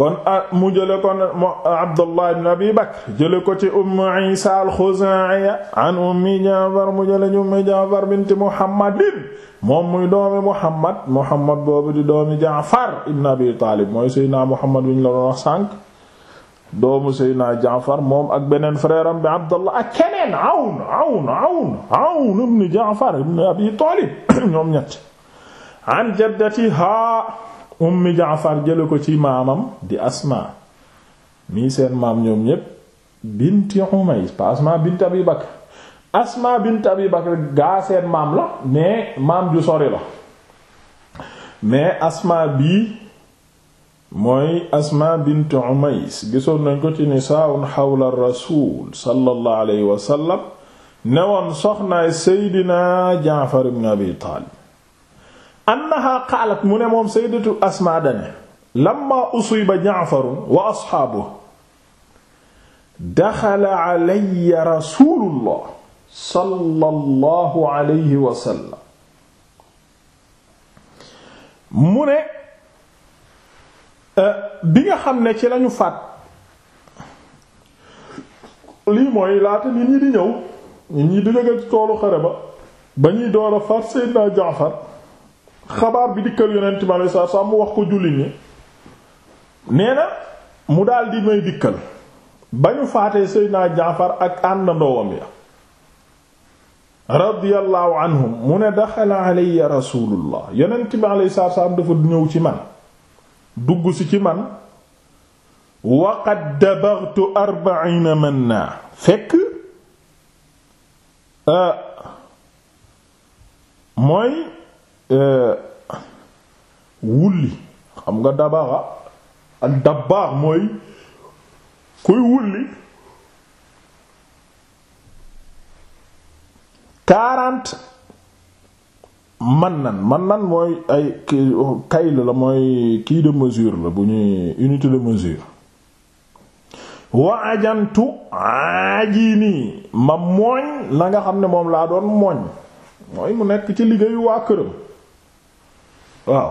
kon ah, mu jële kon Abdullah ibn Abi Bakr jële ko ci Umm Isa al-Khuzaiya an Ummi Jaafar mu jële ci Ummi Jaafar binti Muhammadin moom muy doomi Muhammad Muhammad boobu di doomi Jaafar ibn Abi Taalib mooy Seydina Muhammad wi ñu la doon wax sànq doomu Seydina Jaafar moom ak beneen frère am bi Abdullah ak keneen Awn Awn Awn Awn ibn Jaafar ibn Abi Taalib ñoom ñett an jaddatiha ummi jaafar jële ko ci maamam di asma mii seen maam ñoom ñépp binti umays pas asma bint abi bakr asma bint abi bakr gaa seen maam la mais maam ju sori la mais asma bii mooy asma bint umays gisoon nañ ko ci nisaa'un xawla rasul sallallahu alayhi wa sallam soxnaay seydina jaafar ibn abi taalib annaha qaalat mu ne moom sayyidatu asmaa dane lamma usiba ja'farun wa asxaabuhu daxala alayya rasulullah sallallahu alayhi wa sallam mu ne eh, bi nga xam ne ci lañu faat lii mooy laata nit ñi di ñëw nit ñi di jóge toolu xare ba ba ñuy door a faat Seydina Jaafar xabaar bi dikkal yonent mi alayhi salaatu salaam mu wax ko julli ni nee na mu daal di may dikkal ba ñu faatee Seydina Jaafar ak àndandoowam ya radiyallahu anhum mu ne daxala alayya rasulullah yonent mi alayhi salaatu salaam dafa ñëw ci man dugg ci ci man wa qad dabaghtu arba'iina manna fekk euh, mooy Euh, wulli xam nga dabaxa ak dabbaax mooy kuy wulli quarante man nan man nan mooy ay kayl la mooy kii de mesure la bu ñuy unité de mesure wa ajantu nii ma mooñ la nga xam ne moom laa doon mooñ mooy mu nekk ci liggéeyu waa këram waaw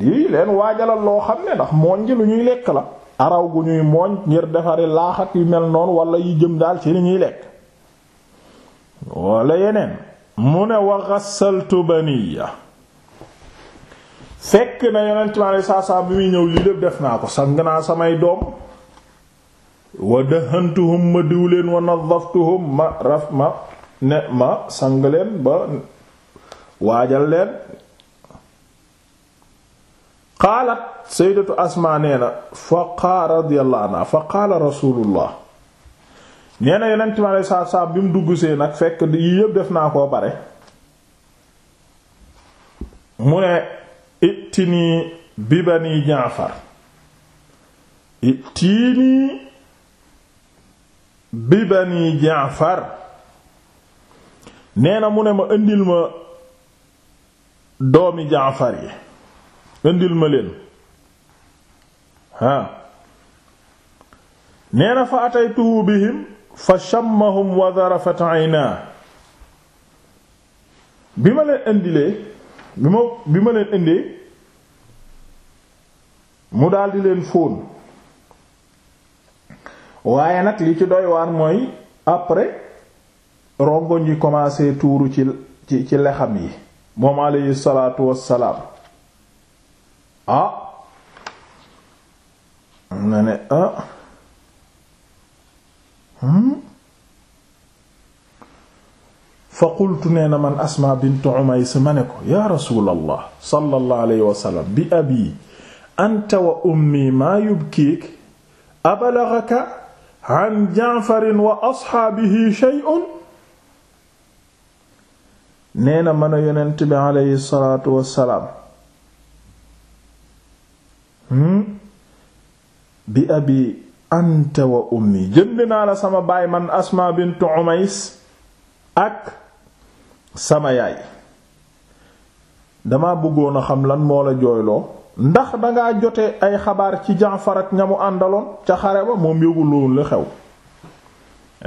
di leen waajalal loo xam ne ndax mooñ lu ñuy lekk la araw gu ñuy mooñ ngir defari laaxat yu mel noonu walla yi jëm daal ci li ñuy lekk wala yeneen mu ne wa ghassaltu baniya fekk na yonent mi saa saa bi muy ñëw lii lépp def naa ko sang naa samay doom wa dahantuhum ma diw leen wa nadhaftuhum ma raf ma ne ma sang leen ba waajal leen qaalat saydatu asma nee na fa qaal radiyallahu nee na yonent mi aleyhi salaatu bi mu dugg see nag fekk yi yëpp def naa koo bare mu ne ittinii bi bani jaafar ittinii bi bani jaafar nee na mu ne ma indil ma doomi jaafar yi indil ma leen ah nee na fa ataytuhu bihim fa shammahum wa zarafat aynaa bi ma leen indilee bi ma bi ma leen indee mu daldi leen fóon waaye nag li ci doy waar mooy après rongoñ yi commencé tuuru ci ci ci lexam yi moom alayhi salaatu wassalaam ah na ne ah hmm? fa qultu nee na man asma bint umays ma ne ko yaa rasuulallah sallallahu alayhi wa sallam bi abi anta wa ummi maa yubkiik abalaghaka an ja'farin wa ashaabihi shay'un nee na mën a yonent bi alayhi salaatu wa salaam Hmm? bi abi anta wa ummi jënd naa la sama baay man asmaa bint umays ak sama yaay dama bëggoon a xam lan moo la jooyloo ndax danga jote ay xabaar ci jaafar ñamu àndaloon ca xare ba moom yóbbu loolu xew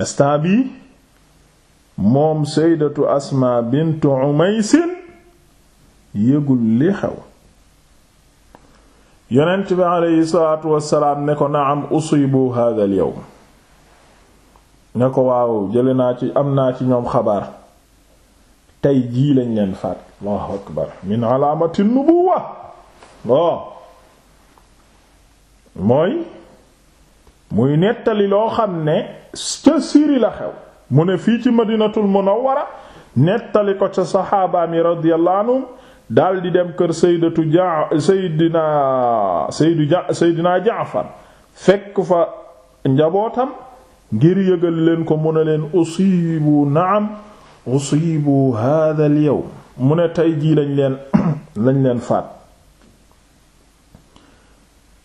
instant bi moom seydatu asma bint umaysin yëgul li xew yonent bi aleyhi salaatu wassalaam ne ko naam usibu hadha al yawm ne ko waaw jële naa ci am naa ci ñoom xabaar tey jii lañ leen faat allahu akbar min alaamati nubuwa mooy muy nettali loo xam ne ca siri la xew mu ne fii ci madinatul munawwara nettali ko ca saxaabaami radiyallahu anhum daldi dem kër saydatu ja saydina saydu ja saydina jaafar fekk fa njabootam ngir yëgal leen ko mu ne leen usiibu naam usiibu hada al yawm mu ne tey jii lañ leen leen faat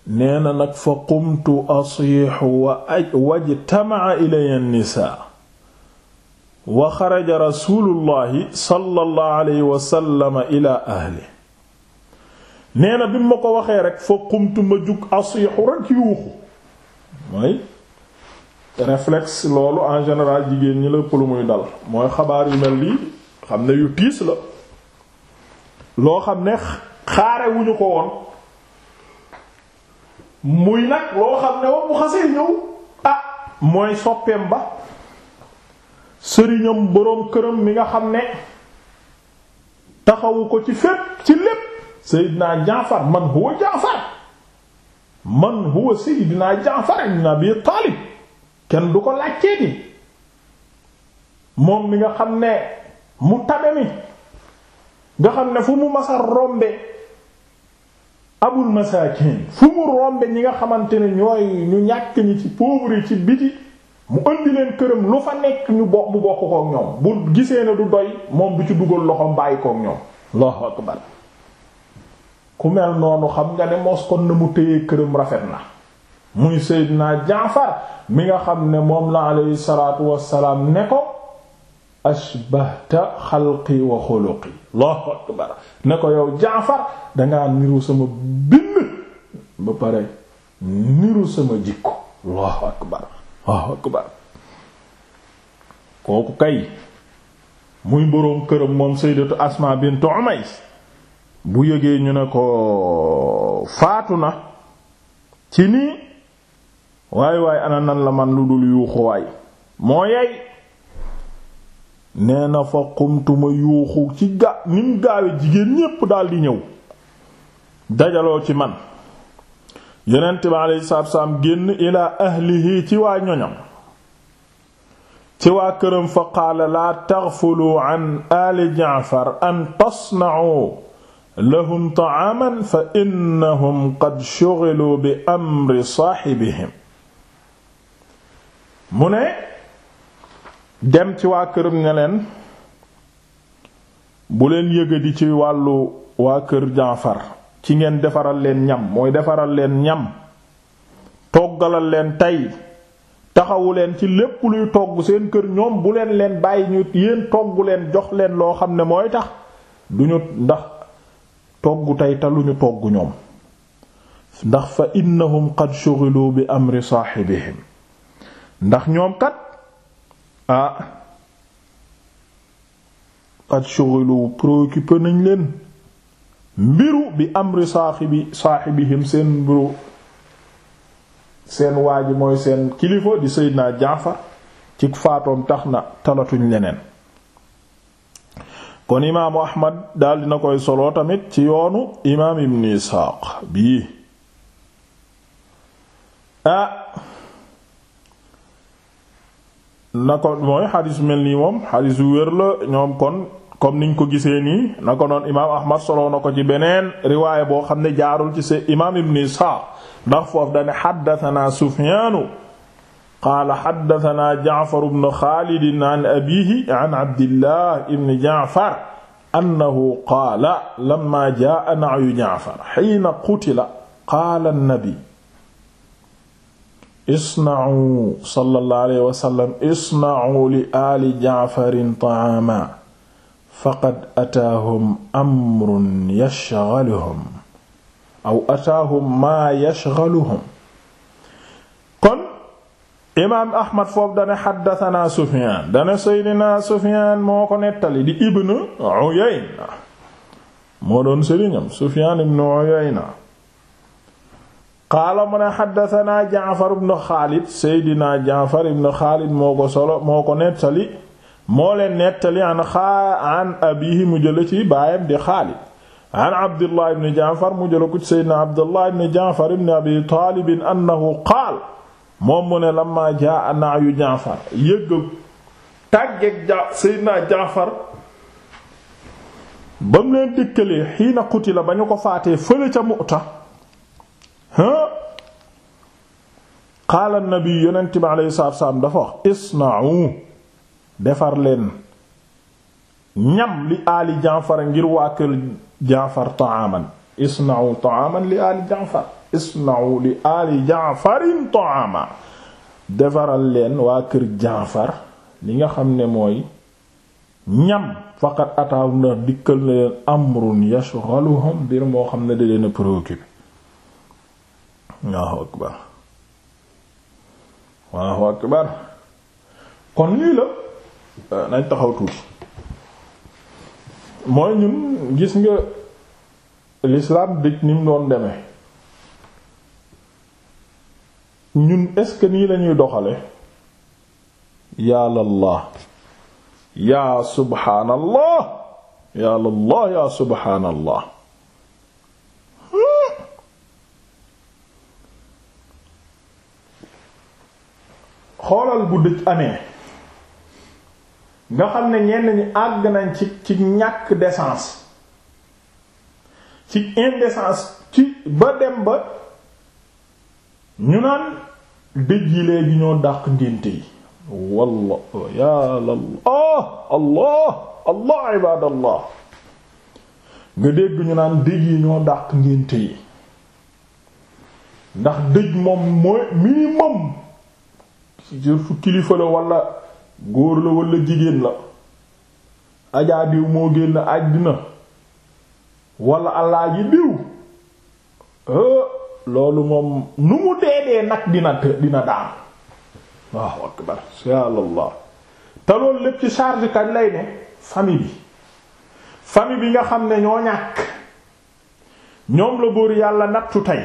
nee na nag fa qumtu asiixu wa ajtama'a ilayya an-nisaa wa xaraja rasuulullahi sallallahu alayhi wa sallam ila ahli nee na bi ma ko waxee rek fa qumtu ma jug asiixu rek yuuxu mooy réflexe loolu en général jigéen ñi lépp lu muy dal mooy xabaar yu mel lii xam ne yu tiis la loo xam ne xaare wu ñu ko woon muy nag loo xam ne wax bu xasee ñëw ah mooy soppeem ba sëriñam boroom këram mi nga xam ne taxawu ko ci fépp ci lépp Seydina Jaafar man huwa Jaafar man huwa Seydina Jaafar ibn Abi Taalib kenn du ko laajteeti moom mi nga xam ne mu tabe mi nga xam ne fu mu masa rombe abul masaakin fu mu rombe ñi nga xamante ne ñooy ñu ñàkk ñi ci pauvre ci biti mu indi leen këram lu fa nekk ñu bokk mu bokk kook ñoom bu gisee ne du doy moom du ci dugal loxoom bàyyi kook ñoom allahu akbar ku mel noonu xam nga ne mos kon mu rafet na muy mi nga xam ne moom la aleyhi salaatu wassalaam ne ko ashbahta xalqi wa xuluqi allahu akbar ne ko yow Jaafar dangaa niru sama bind ba pare niru sama jikko allahu akbar waaw akbar kooku kay muy boroom këram moom sayyidatu asma bint umays bu yëgee ñu ne ko faatu na ci nii waay waay ana la man lu dul yuuxuwaay moo yey nee na fa xumtuma yuuxu ci ga nim gaawe jigéen ñépp daldi ñëw dajaloo ci man yonent bi alayhi génn ilaa ahlihi ci waa ñoñam ci waa këram fa qaala laa taghfulu an aali jaafar an tasna'u lahum ta'aaman fa innahum qad shughilu bi amri saahibihim mu ne dem ci waa këram ne bu leen yëgadi ci wàllu waa kër jaafar ci ngeen defaral leen ñam mooy defaral leen ñam toggalal leen tey taxawu leen ci lépp luy togg seen kër ñoom bu leen leen bàyyi ñu yéen toggu leen jox leen loo xam ne mooy tax duñu ndax toggu tey te lu togg ñoom ndax fa innahum qad shughilu bi am amri saaxibihim ndax ñoom kat ah qad shughilu préoccupé nañ leen mbiru bi amri saaxibi saaxibihim seen mbiru seen waa ji mooy seen kilifa di Seydina Jaafar ci faatoom tax na talatuñ leneen kon imaamu Ahmad daal dina koy solo tamit ci yoonu imaam Ibn Isaaq bii ah na ko mooy xadiis mel nii moom xadiis wér la ñoom kon comme niñ ko gisee nii na ko noon imaam ahmad soloo na ko ci beneen riwaaya boo xam ne jaarul ci see imaam ibn isxaaq ndax foofu dane xaddatanaa sufyaanu qaala xaddatanaa jaafaru bnu xaalidin an abihi an abdillah ibn jaafar annahu qaala lamma jaa na'yu jaafar xiina qutila qaala annabi isna'u sallallahu alayhi wa sallam isna'u li aali jaafarin ta'aaman faqad ataahum amrun yashghaluhum aw ataahum maa yashghaluhum kon imaam ahmad foofu dana xaddatanaa sufiyaan dana seydinaa sufiyaan moo ko nettali di ibnu uyayna moo doon sëriñam sufiyaan ibnu uyayna qaala mu ne xaddatanaa jaafar ibnu xaalid seydinaa jaafar ibnu xaalid moo ko solo moo ko nettali moo leen nettali an xaa an mu jële ci baayam di Xaalid an Abdullah ibn Jaafar mu jële ko ci Seydina Abdullah ibn Jaafar ibn Abi Taalib annahu qaal moom mu ne lamma jaa na'yu Jaafar yëgg tàggeeg ja Jaafar ba mu leen dikkalee xiina qutila ba ko faatee fële ca Mu'ta qaala an-nabi yonent bi alayhi salaatu salaam dafa wax isna'u defar leen ñam li aali jaafar ngir waa kër jaafar taaman isna'u taaman li aali jaafar isna'u li aali jaafarin taama defaral leen waa kër jaafar li nga xam ne mooy ñam faqat ataaw ndax dikkal na leen amrun yashghaluhum mbir moo xam ne da leen a préoccupé Allahu akbar Allahu akbar kon lii la Euh, nañ taxaw tuuti mooy ñun gis nga lislaam dëj ni mu doon demee ñun est nii lañuy doxale yàllallah yaa subhaanallah yàllallah yaa subhaanallah hmm. xoolal bu dëj amee nga xam ne ñenn ñi àgg nañ ci ci ñàkk décence ci indécence ci ba dem ba ñu naan dëj yi léegi ñoo dàq ngénte yi walla ya Allah Allah Allah ibadallah nga dégg ñu naan dëj yi ñoo dàq ngénte yi ndax dëj moom mooy minimum surtout kilifa la walla góor la walla jigéen la ajaa diw moo génn àddina walla allah ji diw loolu moom nu mu dee dee nag dina dina daan waaw akbar subhaanallah te loolu lépp charge kañ lay ne famille bi famille bi nga xam ne ñoo ñàkk ñoom la buur yàlla nattu tey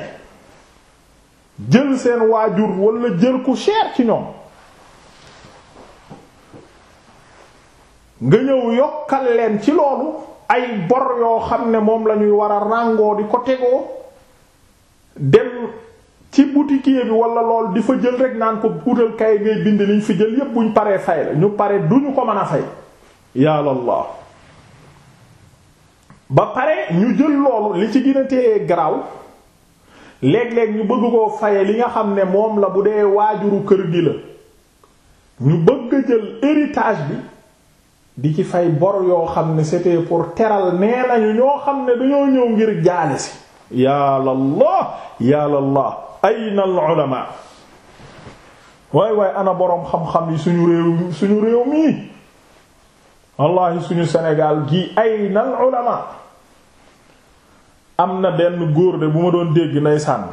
jël seen waajur walla jël ku cher ci ñoom nga ñëw yokkal leen ci loolu ay bor yoo xam ne moom lañuy ñuy war a ràngoo di ko tegoo dem ci boutiquier bi wala lool di fa jël rek naan ko utal kay ngay bind liñ fi jël yépp buñ paree fay la ñu pare duñu ko mën a fay yàlla ba pare ñu jël loolu li ci gën a garaaw léeg-léeg ñu bëgg koo faye li nga xam ne moom la bu dee waajuru kër gi la ñu bëgg jël héritage bi di ci fay bor yoo xam ne c'était pour teral nee nañu ñoo xam ne dañoo ñëw ngir jaale si ya Allah ya Allah ayna al ulama waay waay ana boroom xam-xam yi suñu réew suñu réew mii wallahi suñu Sénégal gi ayna al am na benn góor de bu ma doon dégg nay sànn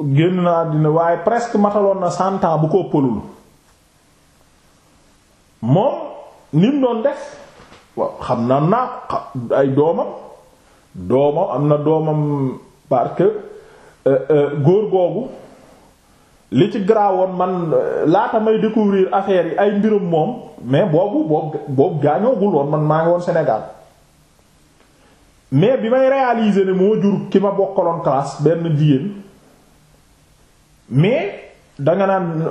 génn na àddina waaye presque mataloon na santa bu ko ëppalul moom nim doon def waaw xam na naa ay doomam doomam am na doomam parce que euh, euh, góor googu li ci garaawoon man euh, laata may découvrir affaire yi ay mbirum moom mais boobu boobu boobu gaañoogul woon man maa ngi woon Sénégal mais bi may réaliser ne moo jur ki ma bokkaloon classe benn jigéen mais danga naan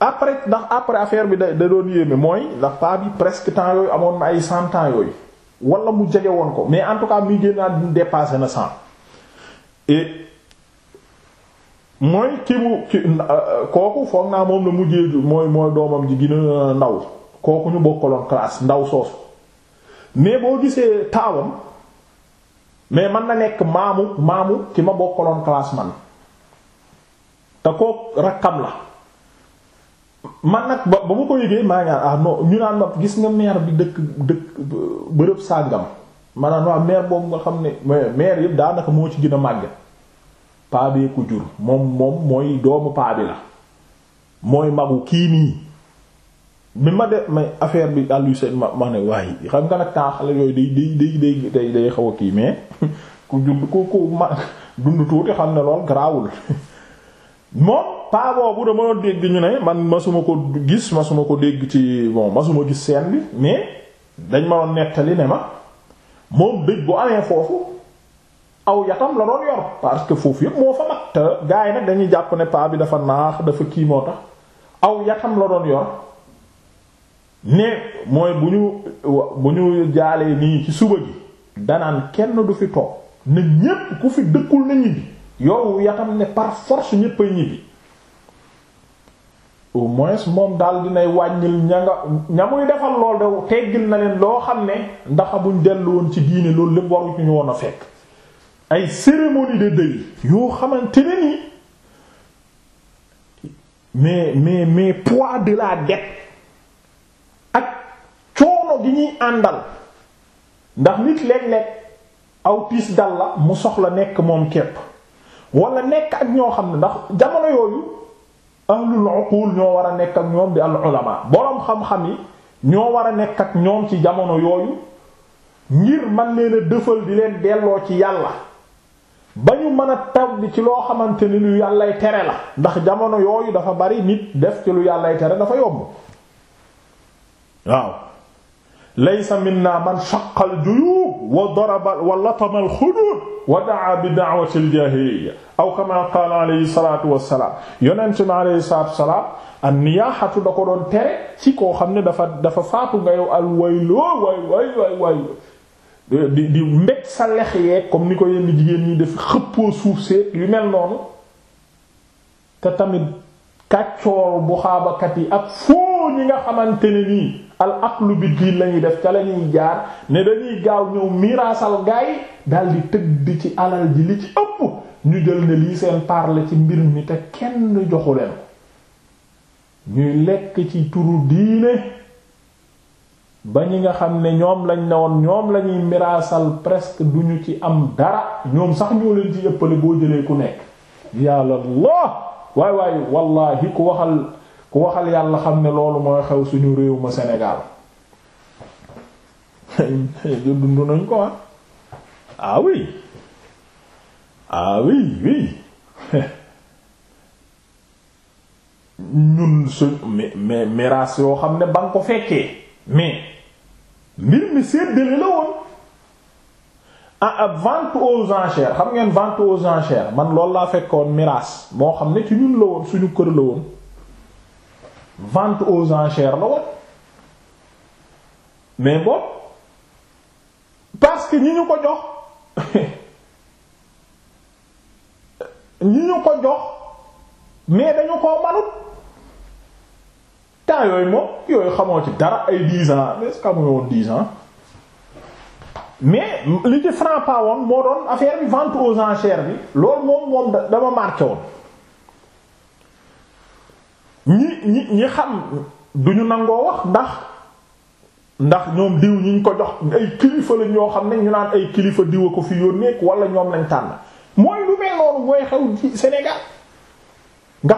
après ndax après affaire bi da da doon yéeme mooy ndax paa bi presque temps yooyu amoon na ay cent temps yooyu wala mu jege woon ko mais en tout cas muy génnaat dépasé na cent et mooy ki mu ki kooku foog naa moom la mujjee mooy mooy doomam ji gën ndaw kooku ñu bokkaloon classe ndaw soosu mais boo gisee taawam mais man na nekk maamu maamu ki ma bokkaloon classe man. te kook rakkam la man nag ba ba ma ko yëgee maa ah non ñu naan ma gis nga maire bi dëkk dëkk bërëb sàngam maanaam waa maire boobu nga xam ne maire yëpp daanaka moo ci gën a màgget paa bee moom moom mooy doomu paa bi la mooy magu kii nii bi ma de may affaire bi àllu seen ma ma ne waaye xam nga nag temps yooyu day day day day day xaw a kii mais ku jur ku ku ma dund tuuti xam ne lool garaawul moom paa boobu dama dégg ñu ne man masuma ko gis masuma ko dégg ci bon masuma gis seen bi mais dañ ma doon nettali ne ma moom dëj bu amee foofu aw yatam la doon yor parce que foofu yëpp moo fa mag te gaa nag dañuy jàpp ne paa bi dafa naax dafa kii moo tax aw yatam la doon yor ne mooy bu ñu bu ñu jaalee nii ci suba gi danaan kenn du fi toog ne ñépp ku fi dëkkul na ñibbi yow ya xam ne par force ñépp a ñibbi au moins moom daal dinay wàññil ña nga defal lool de teggil na leen loo xam ne ndax buñ dellu woon ci diine loolu lépp waru ci ñu woon a fekk ay cérémonie de deuil yoo xamante ne nii mais mais mais poids de la ak coono gi ñuy àndal ndax nit léeg-léeg aw tiis dal la mu soxla nekk moom képp wala nekk ak ñoo xam ne ndax jamono yooyu ahlul uqul ñoo war a nekk ak ñoom di al ulama boroom xam-xam yi ñoo war a nekk ak ñoom ci jamono yooyu ngir man leen a dëfal di leen delloo ci yàlla ba ñu mën a taw bi ci loo xamante ni lu yàllay tere la ndax jamono yooyu dafa bari nit def ci lu yàllay tere dafa yomb waaw laysa minna man shaqqa al wa daraba wa latama al wa daa bi da'wati al-jaahiliyya aw kama qaala alayhi salaatu wassalaam yonent mi alayhi salaatu wassalaam an-niyaaxatu da ko doon tere ci koo xam ne dafa dafa faatu nga yow al wayloo way way way way di di mbég sa lex yeeg comme ni ko yenn jigéen ñi def xëppoo suuf seet yu mel noonu te tamit kàccoor bu xaabakat yi ak foo trop ñi nga xamante ne nii al aqlu bi diin la ñuy def ca la ñuy jaar ne dañuy gaaw ñëw miraasal gaay daal di tëgg ci alal ji li ci ëpp ñu jël ne lii seen parle ci mbir mi te kenn joxu leen ñuy lekk ci turu diine ba ñi nga xam ne ñoom lañ ne woon ñoom lañuy ñuy miraasal presque ñu ci am dara ñoom sax ñoo leen ci ëppale boo jëlee ku nekk yàlla allah waay waay wallahi ku waxal ku waxal yàlla xam ne loolu mooy xew suñu réew ma Sénégal dund nañ ko ah ah oui ah oui oui ñun suñ mais miraas yoo xam ne ba nga ko fekkee mais mbir mi séddale la woon ah ah vente aux enchères xam ngeen vente aux enchères man loolu laa fekkoon miraas moo xam ne ci ñun la woon suñu kër la woon. vente aux enchères la woon mais bon parce que ñi ñu ko jox ñi ñu ko jox mais dañu koo manut temps yooyu moom yooyu xamoo ci dara ay dix ans mais est-ce que amuñu woon dix ans mais li ci franc pas moo doon affaire bi vente aux enchères bi loolu moom moom dama marqué woon ñi ñi ñi xam duñu nangoo wax ndax ndax ñoom diw ñi ñu ko jox ay kilifa la ñoo xam ne ñu naan ay kilifa diwa ko fi yónnee wala ñoom lañ tànn mooy lu mel noonu mooy xew ci nga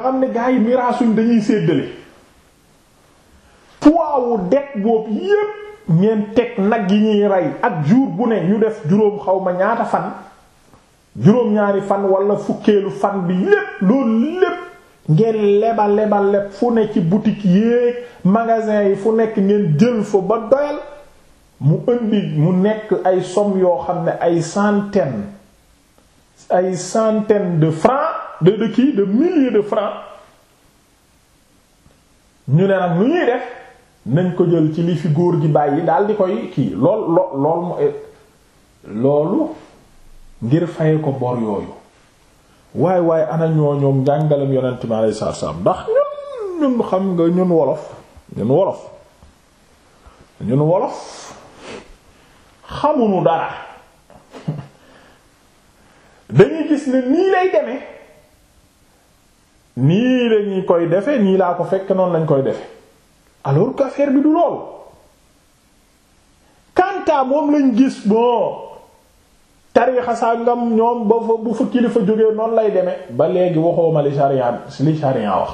xam ne gars yi miraasuñ dañuy séddale poids wu boobu yépp ngeen teg nag yi ñuy rey ak jur bu ne ñu def juróom xaw ma ñaata fan juróom-ñaari fan wala fukkeelu fan bi yépp loolu lépp. ngeen lebalebal leba leb fu ne ci boutique yéeg magasin yi fu nekk ngeen jël fa ba doyal mu indi mu nekk ay som yoo xam ne ay centaines ay centaines de francs de de de milliers de francs ñu ne nag nu ñuy def nañ ko jël ci li fi góor gi bàyyi daal di koy kii lool lool loolu ngir faye ko bor yooyu waaye waaye ana ñoo ñoom njàngalem yonent mi alayhi salaatu salaam ndax ñun ñun xam nga ñun wolof ñun wolof ñun wolof xamuñu dara dañuy gis ni nii lay demee nii lañuy koy defe nii laa ko fekk noonu lañ koy defe alors que bi du loolu kanta moom lañ gis bon tariixa sàngam ñoom ba fa bu fa kilifa jógee noonu lay demee ba léegi waxooma li sharia li sharia wax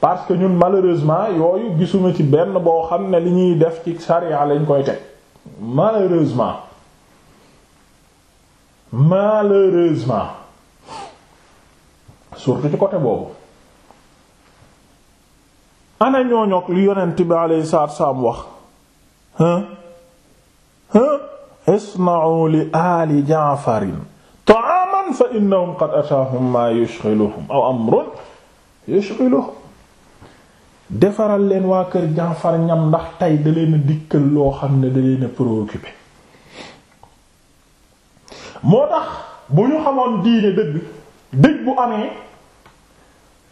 parce que ñun malheureusement yooyu gisuma ci benn boo xam ne li ñuy def ci sharia lañ koy teg malheureusement malheureusement surtout ci côté boobu ana ñooñook li yonent bi alayhi salaatu salaam wax hein hein isna'u li aali ja'farin ta'aman fa innahum qad ataahum maa yushghiluhum aw amrun yushghiluhum defaral leen waa kër Jaafar ñam ndax tey da leen dikkal loo xam ne da leen a moo tax bu ñu xamoon diine dëgg dëj bu amee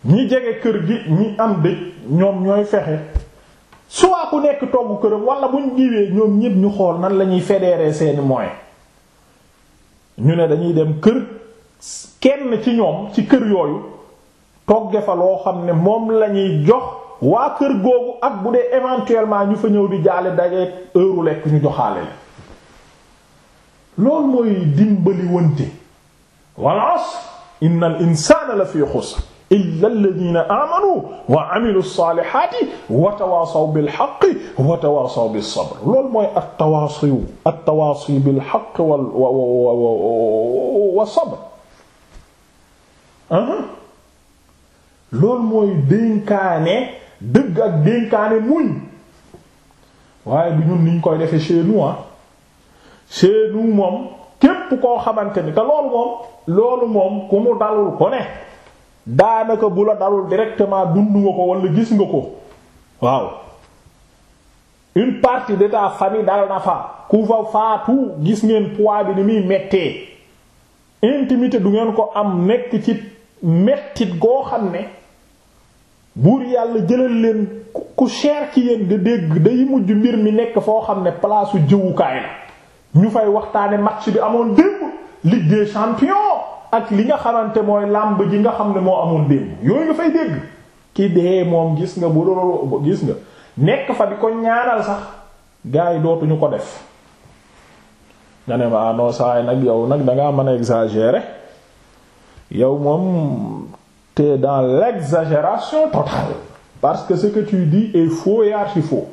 ñi jege kër gi ñi am dëj ñoom ñooy fexe soit ku nekk togg këram wala buñ jiwee ñoom ñit ñu xool nan la ñuy fédérer seeni moyens ñu ne dañuy dem kër kenn ci ñoom ci kër yooyu togge fa loo xam ne moom lañuy jox waa kër googu ak bu dee éventuellement ñu fa ñëw di jaale daje heure lekk ñu joxaale la loolu mooy dimbali wante wal asr innal insaana la fi xusr illa alladhina amanu wa amilu salihati wa tawasaw bil haqqi wa tawasaw sabr loolu mooy at-tawaasi at-tawaasi bil sabr uh-huh. loolu mooy dénkaane dëgg ak dénkaane muñ waaye du ñun niñ koy defee chez nous ah. moom képp koo xamante ni te loolu moom ku mu dalul ko daanaka bu la dalul directement dund nga ko wala gis nga ko waaw une partie de ta famille dal na fa ku fa faatu gis ngeen poids bi ni muy mettee intimité du ngeen ko am nekk ci mettit goo xam ne buur yàlla jëlal leen ku cher ci yéen nga dégg day mujj mbir mi nekk foo xam ne palaasu jëwukaay la ñu fay waxtaane match bi amoon démb Ligue des ak li nga xamante mooy làmb ji nga xam ne moo amoon démb yooyu nga fay dégg ki dee moom gis nga bu doon gis nga nekk fa di ko ñaanal sax gars yi dootuñu ko def nga ne ma ah non saa yi nag yow nag dangaa mën a exagérer yow moom t'es dans l'exagération totale parce que ce que tu dis est faux et archi faux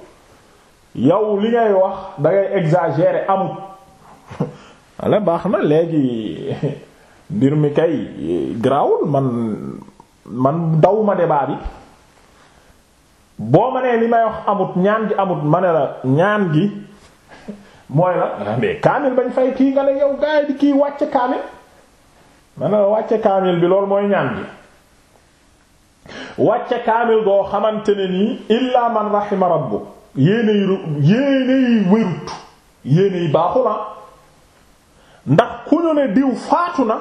yow li ngay wax dangay exagérer amut walla baax na léegi mbir mi kay grawul man man daw ma débat bi boo ma nee li may wax amut ñaan gi amut ma ne la ñaan gi mooy la mais kaamil bañ fay kii nga ne yow gaay di kii wàcce kaamil ma ne la wàcce kaamil bi loolu mooy ñaan gi wàcce kaamil goo xamante ne nii illaa man rahima rabbu yéenay yéenay wérut yéenay baaxula ah. ndax ku ñu ne diw faatu na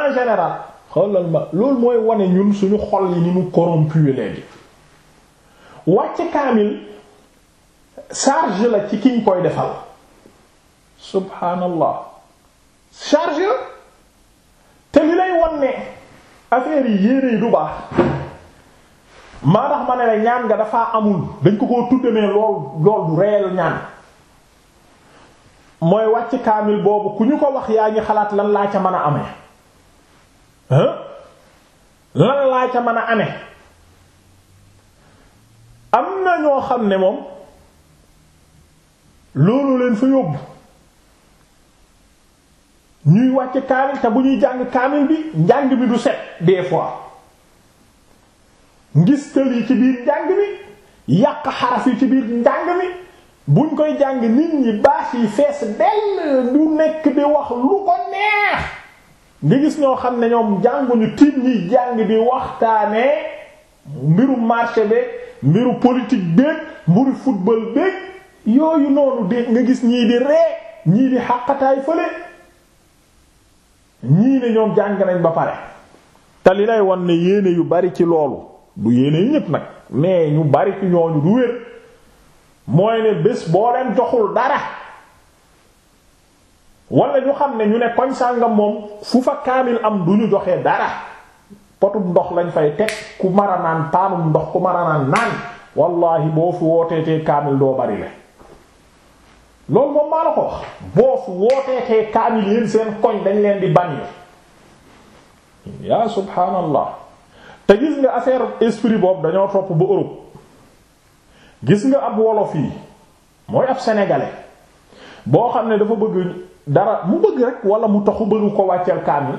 en général xoolal ma loolu mooy wane ñun suñu xol yi ni mu corrompu léegi wàcc kaamil charge la ci kiñ koy defal subhaanallah charge la te li lay wan ne affaire yi yéere yi du baax maa tax ma ne la ñaan nga dafa amul dañ ko koo tudde lool lool du réel ñaan mooy wàcc kaamil boobu ku ñu ko wax yaa ngi xalaat lan laa ca mën a amee lan ca mën a ame am na ñoo xam ne moom loolu leen fa yóbbu ñuy wàcc kaamil te bu ñuy jàng kaamil bi njàng bi du set des fois ngis tël yi ci biir njàng mi yàq xaraf yi ci biir njàng mi buñ koy jàng nit ñi baax yi fees dell du nekk di wax lu ko neex nga gis ñoo xam ne ñoom jànguñu tiim ñiy jàng di waxtaanee mbiru marché beeg mbiru politique beeg mbiru football beeg yooyu noonu de nga gis ñii di ree ñii di xàqataay fële ñii ne ñoom jàng nañ ba pare te li lay wan ne yéene yu bari ci loolu du yéene yi ñépp nag mais ñu bari ci ñooñu du wér mooy ne bés boo leen joxul dara wala ñu xam ne ñu ne koñ sàngam moom fu fa kaamil am du ñu joxee dara potum ndox lañ fay teg ku mara naan paanum ndox ku mara naan naan wallahi boo fi wooteetee kaamil doo bari le loolu moom maa la ko boo fi wooteetee kaamil yéen seen koñ dañ leen di ban yaa subhaanallah te gis nga affaire esprit boobu dañoo topp ba Europe gis nga ab wolof yi mooy ab sénégalais boo xam ne dafa bëgg dara mu bëgg rek wala mu taxu bëgg ko wàcceel kaamil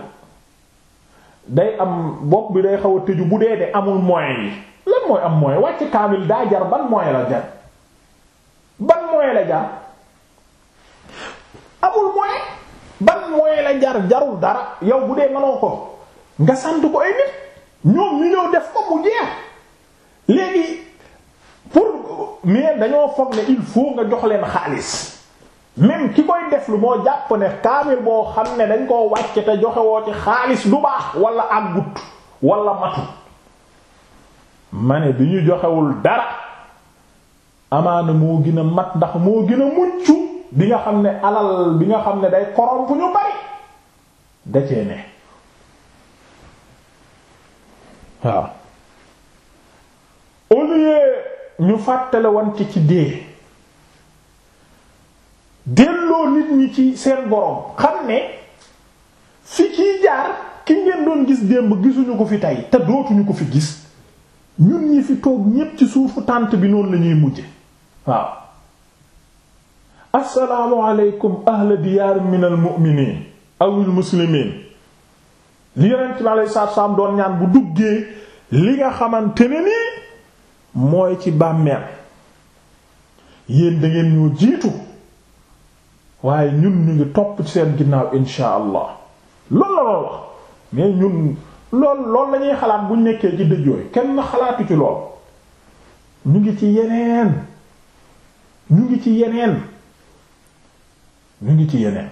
day am bopp bi day xaw a tëju bu dee de amul moyen yi lan mooy am moyen wàcce kaamil daa jar ban moyen la jar ban moyen la jar amul moyen ban moyen la jar jarul dara yow bu dee mënoo ko nga sant ko ay nit ñoom ñu ñëw def ko mu jeex léegi pour mais dañoo foog ne il faut nga jox leen xaalis même ki koy def lu moo jàpp ne kaamil boo xam ne dañ koo wàcce te joxe ci xaalis du baax wala àggut wala matut ma ne bi ñu joxewul dara amaana moo gën a mat ndax moo gën a mucc bi nga xam ne alal bi nga xam ne day korom fu ñu bari da cee ne waaw au ñu fàttale wante ci dee delloo nit ñi ci seen borom xam ne fi ciy jaar ki ngeen doon gis démb gisuñu ko fi tey te dootuñu ko fi gis ñun ñi fi toog ñépp ci suufu tànt bi noonu lañuy ñuy mujje waaw assalaamu aleykum ahla diyaar min al mu'miniin muslimiin li yonent bi aleyhi salaatu salaam doon ñaan bu duggee li nga xamante ne mooy ci bàmmeel yéen da ngeen ñoo jiitu waaye ñun ñu ngi topp seen ginnaaw insha allah loolu la lool wax mais ñun lool lool lañuy xalaat bu nekkee ci dëj yooyu kenn xalaatu ci lool ñu ngi ci yeneen ñu ngi ci yeneen ñu ngi ci yeneen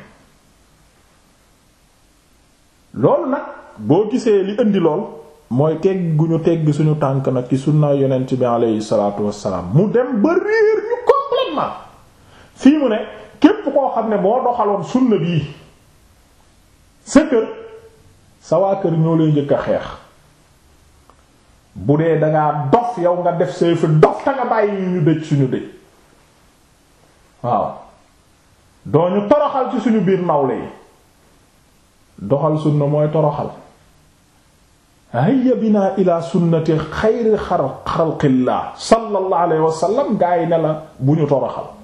loolu nag boo gisee li indi lool mooy tegg gu ñu tegg suñu tànk nag ki ci sunna yonent bi aleyhi salaatu wassalaam mu dem ba réer ñu complètement fii mu ne képp koo xam ne boo doxaloon sunna bii sa kër sa waa kër ñoo lay jëkk a xeex bu dee dangaa dof yow nga def say fi dof ta nga bàyyi ñu dëj suñu dëj waaw doo ñu toroxal ci suñu biir nawle yi doxal sunna mooy toroxal hayya bina ila sunnati xayri xalqillah sallallahu alayhi wasallam gaa yi ne la bu ñu toroxal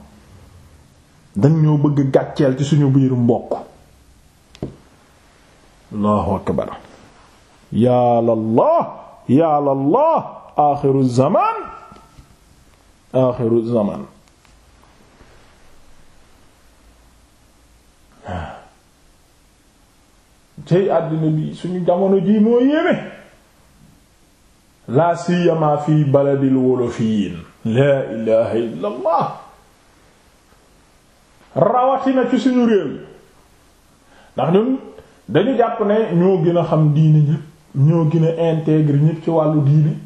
danga ñoo bëgg gàcceel ci suñu biir mbokk allahu akbar yaa lallah yaa lallah aaxiru zamaan aaxiru zamaan cey àddina bi suñu jamono ji moo yéeme laa siyamaa fi baladil wolofiin laa ilaaha illallah rawatina ci suñu réew ndax ñun dañu jàpp ne ñoo gën a xam diine ñépp ñoo gën a intègre ñépp ci wàllu diine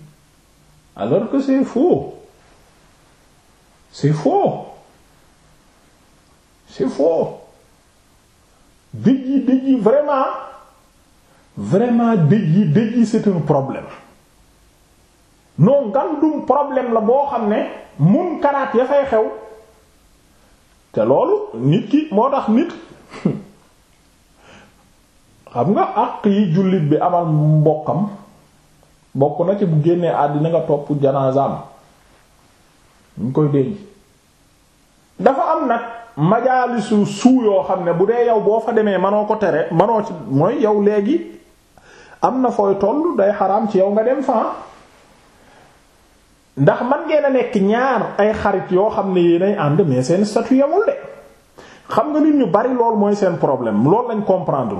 alors que c'est faux c'est faux c'est yi dëj yi vraiment vraiment dëj yi dëj yi c'est un problème ngandum problème la boo xam ne munkaraat ya fay xew te loolu nit ki moo tax nit xam nga àq yi jullit bi amal mbokkam bokk na ci bu génnee àddina nga topp janaazam ñu koy denc dafa am nag majaalisu suu yoo xam ne bu dee yow boo fa demee manoo ko tere manoo ci mooy yow léegi am na fooy toll day xaram ci yow nga dem fa ndax man ngeen a nekk ñaar ay xarit yoo xam ne yéenay ànd mais seen statut yamul de xam nga nit ñu bari loolu mooy seen problème loolu lañ comprendre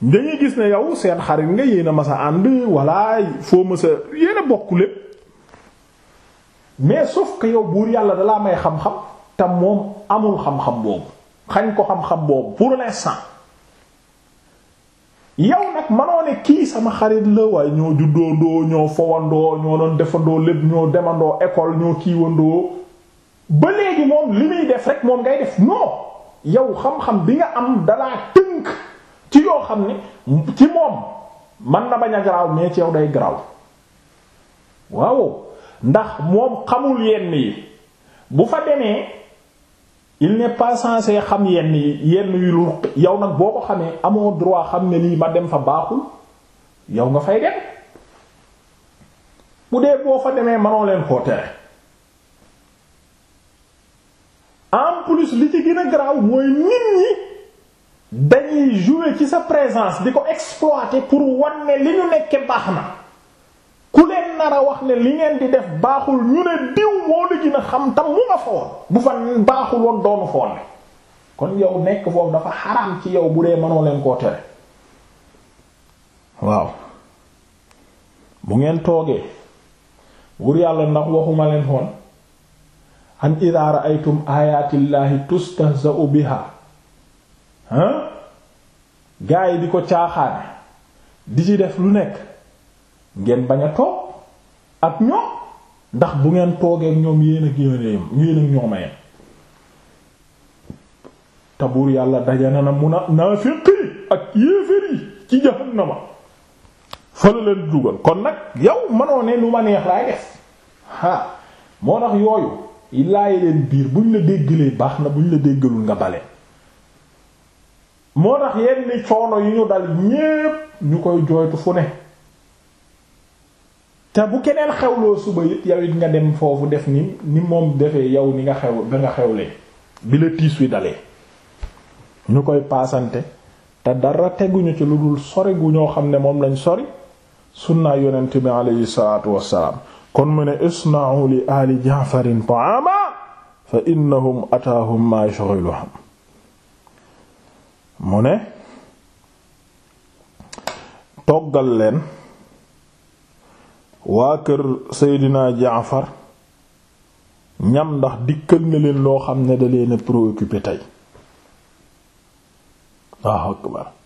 dañuy gis ne yow seen xarit nga yéen a mës a ànd walla foo mës a yéen a bokk lépp mais sauf que yow buur yàlla dalaa may xam-xam te moom amul xam-xam boobu xañ ko xam-xam boobu pour l'instant yow nag manoo ne kii sama xarit la waaye ñoo juddoondoo ñoo foowandoo ñoo doon defandoo lépp ñoo demandoo école ñoo kiiwandoo ba léegi moom li muy def rek moom ngay def non yow xam-xam bi nga am dalaa tënk ci yoo xam ne ci moom man na bañ a garaaw mais ci yow day garaaw waaw ndax moom xamul yenn yi bu fa demee il n'est pas xam yenn yi yenn yu lu yow nag boo ko xamee amoo droit xam ne lii ma dem fa baaxul yow nga fay dem bu dee boo fa demee manoo leen koo tere en plus li ci gën a garaaw mooy nit ñi dañuy jouer ci sa présence di ko exploiter pour wan ne li ñu nekke baax na ku leen nar wax ne li ngeen di def baaxul ñu ne diw moo la gën xam tam mu nga fa woon bu fa baaxul woon doonu foon ne kon yow nekk foofu dafa xaraam ci yow bu dee mënoo leen koo tere waaw bu ngeen toogee wur yàlla ndax waxuma leen xoon an idha ra'aytum ayatillahi tustahza'u biha ha gaa yi ko caaxaane di ci def lu nekk ngeen bañ a toog ak ñoom ndax bu ngeen toogee ak ñoom yéen ak ñoom a yem buur yàlla dajana na mun a naafiqi ak yéeféer yi ci jahannama fa leen dugal kon nag yow mënoo ne lu ma neex laay def ah moo tax yooyu laay leen biir buñ la déggalee baax na buñ la déggalul nga bale moo tax yenn coono yi ñu dal ñépp ñu koy jooytu fu ne. te bu keneen xewloo suba it yow nga dem foofu def nii ni moom defee yow ni nga xew ba nga xewlee bi la tiis wi dalee ñu koy paasante te dara teguñu ci lu dul sori gu ñoo xam ne moom lañ sori sunnaa yonent bi aleyhi salaatu wassalaam kon mu ne isna'u li ali ja'farin ta'ama fa innahum mu ne toggal leen waa kër Seydina Jaafar ñam ndax dikkal na leen loo xam ne da leen a préoccupé tey waaw